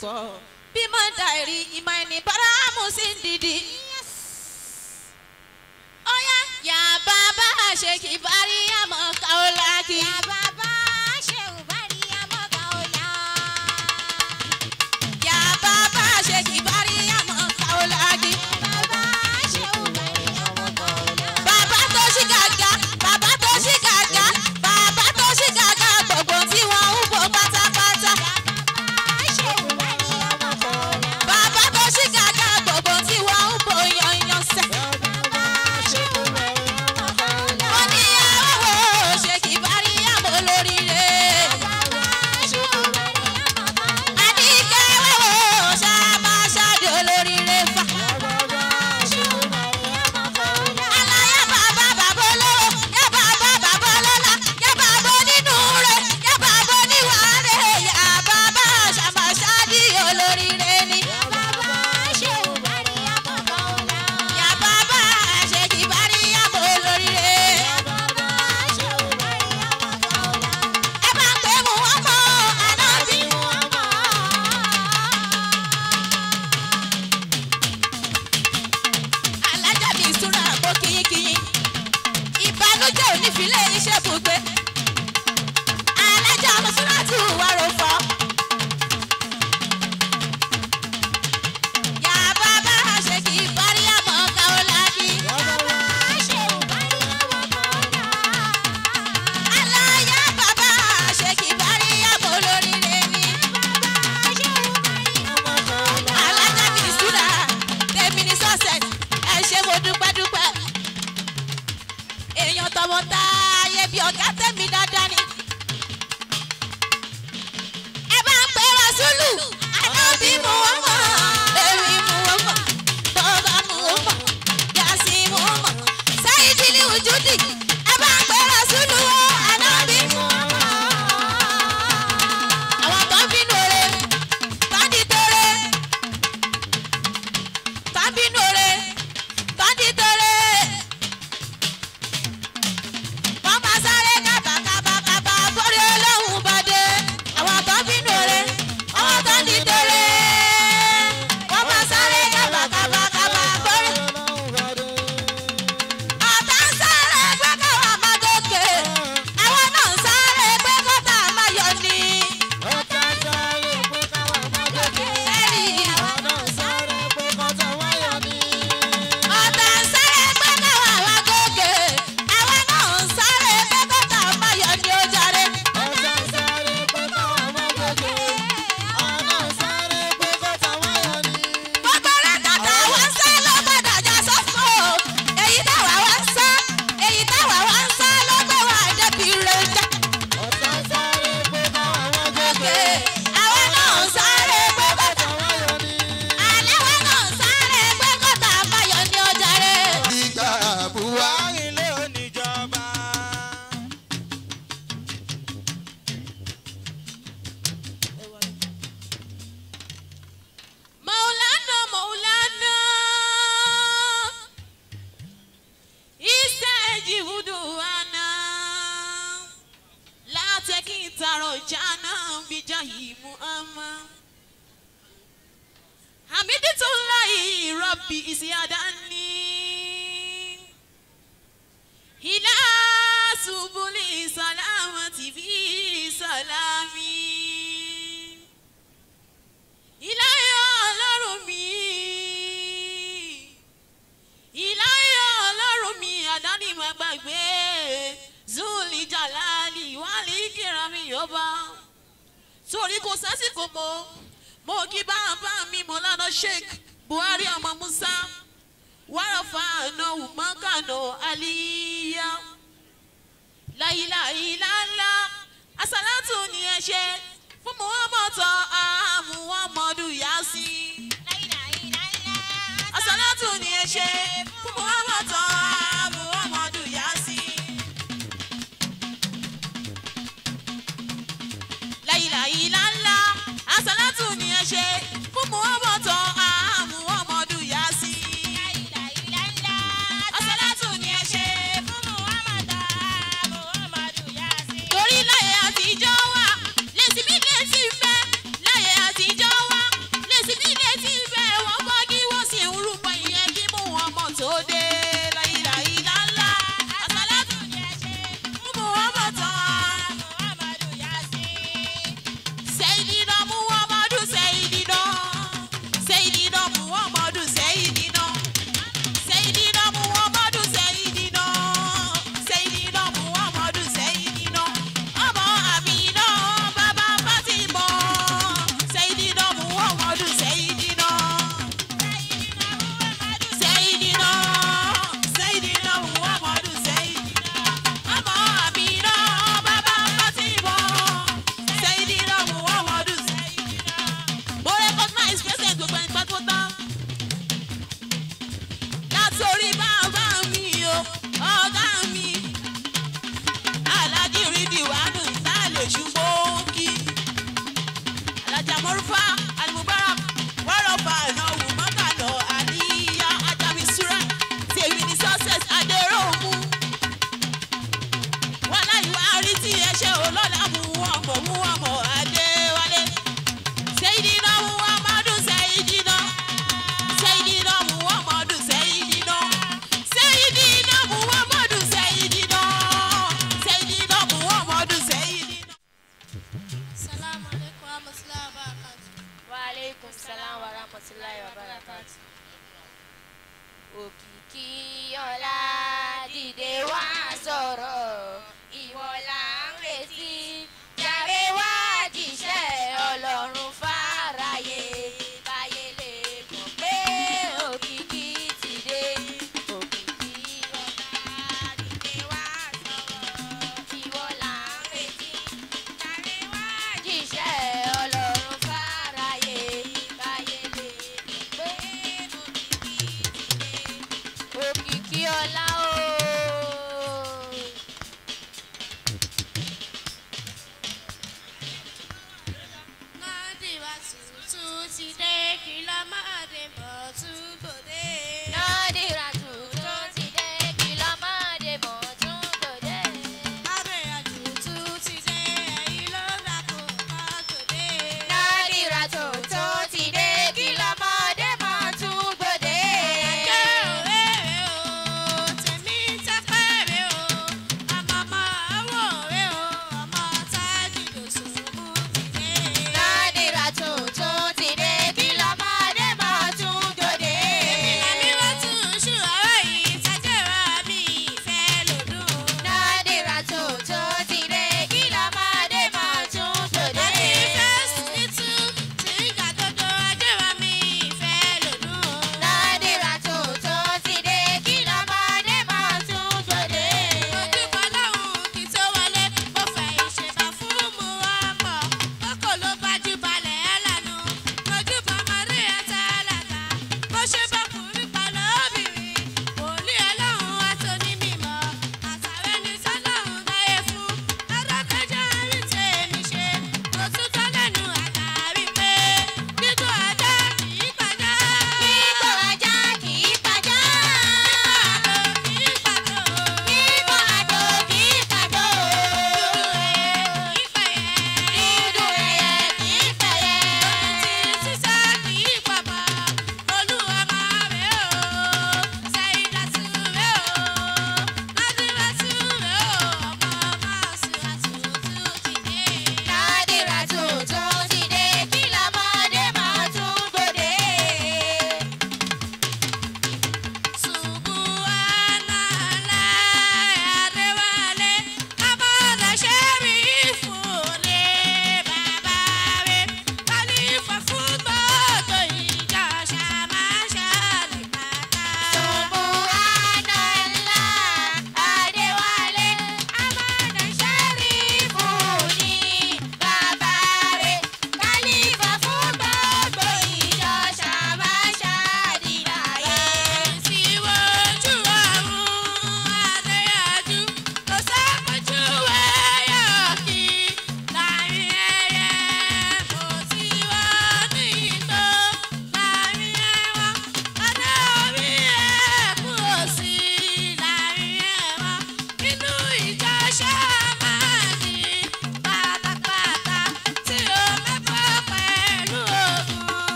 so.